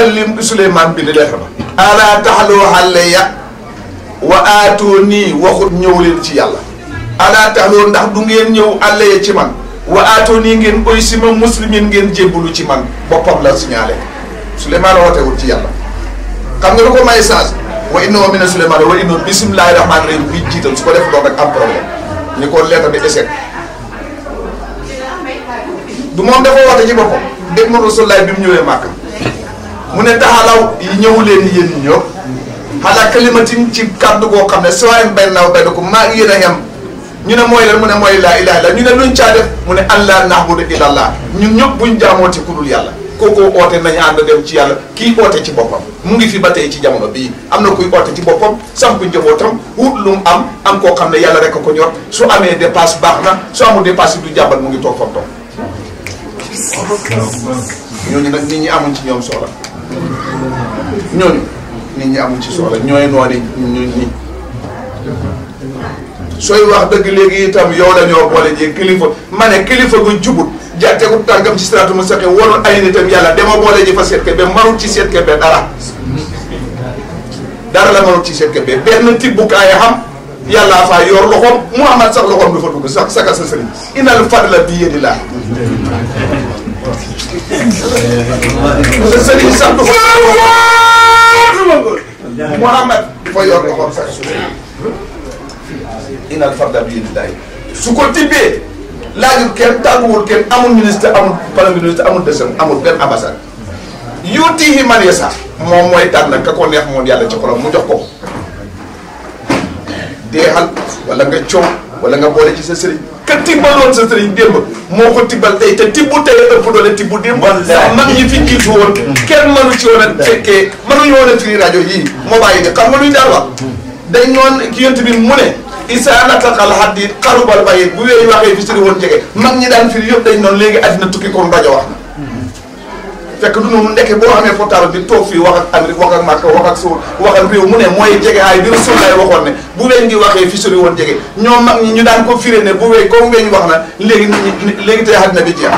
xoolal lim bi Souleymane bi di lettre ba ala taxaloo xale ya wa aatoo nii waxut ñëw leen ci yàlla ala taxaloo ndax du ngeen ñëw àlle ci man wa aatoo nii ngeen boy si ma muslimin ngeen jébbalu ci man boppam la signalé Souleymane wootewul ci yàlla xam nga lu ko may saas wa a mina Souleymane wa innoo bismillaahi rahmaani rahim bi jiital su ko def doon rek am problème ni ko lettre bi échec du moom dafa woote ci boppam dégg nga Rasulullah bi mu ne taxalaw ñëw leen yéen ñëpp xalaat kalimatin ci kàddu goo xam ne sawaayin baynanaa wa baynakum maa ngi yéen a yem ñu ne mooy lan mu ne mooy laa ilaaha illallaah ñu ne luñ caa def mu ne allaa na'budu illallaah ñun ñëpp buñ jaamoo ci ku dul yàlla kooku oote nañu ànd dem ci yàlla kii oote ci boppam mu ngi fi ba tey ci jamono bii am na kuy oote ci boppam samp njabootam wut lu am am koo xam ne yàlla rek a ko ñor su amee dépasse baax na su amul dépasse du jàmbal mu ngi toog fam toog ñooñu nag nit ñi ci ñoom soxla ñooñu nit ñi amuñ ci soxla ñooy noonu ñu ñi sooy wax dëgg léegi itam yow la boole ji kilifa ma kilifa gu jubut jàtteeku tànkam ci mu mustaqim warul ay nitam yàlla dama boole ji fa seet kebe marut ci seet kebe dara dara la marut ci seet kebe benn tibbukaay xam yàllaa faa yor loxoom Muhammad sax loxoom du fa dugg sax saka sa sëriñ inal fadla bi yedillah sa sëriñ sant ko. Mouhamad dafa yor loxoom sax suuf. inal farda bi yéen su ko tibbee laajul kenn tàgguwul kenn amul ministre amul premier ministre amul deuxième amul benn ambassade. yuutihi man yasa moom mooy tànn ka ko neex moom yàlla ci xolam mu jox ko. deexal wala nga coow wala nga boole ci sa sëriñ. ka tibbaloon sa sëriñ démb moo ko tibbal tey te tibbu tey ëpp doole tibbu démb sax mag ñi fi jiitu woon mm-hmm. kenn mënu ci woon a fekkee mënuñu woon a firi rajo yii moo bàyyi de xam nga luñ daan wax mm-hmm. dañ noon ki yent bi mu ne isaa nataqal xaddi xarubal bayit bu weeyu waxee fi siri woon jege mag ñi daan firi yëpp dañ noonu léegi addina tukki kon rajo wax fekk du noonu ndekk boo amee portable bi toog fii wax ak Amérique wax ak Màkka wax ak suuf wax ak réew mu ne mooy jege aay bi Rasul lay waxoon ne bu weñ ngi waxee fi sori woon jege ñoom mag ñi ñu daan ko firé ne bu weñ comme weñ wax na léegi nit ñi léegi tey na di jeex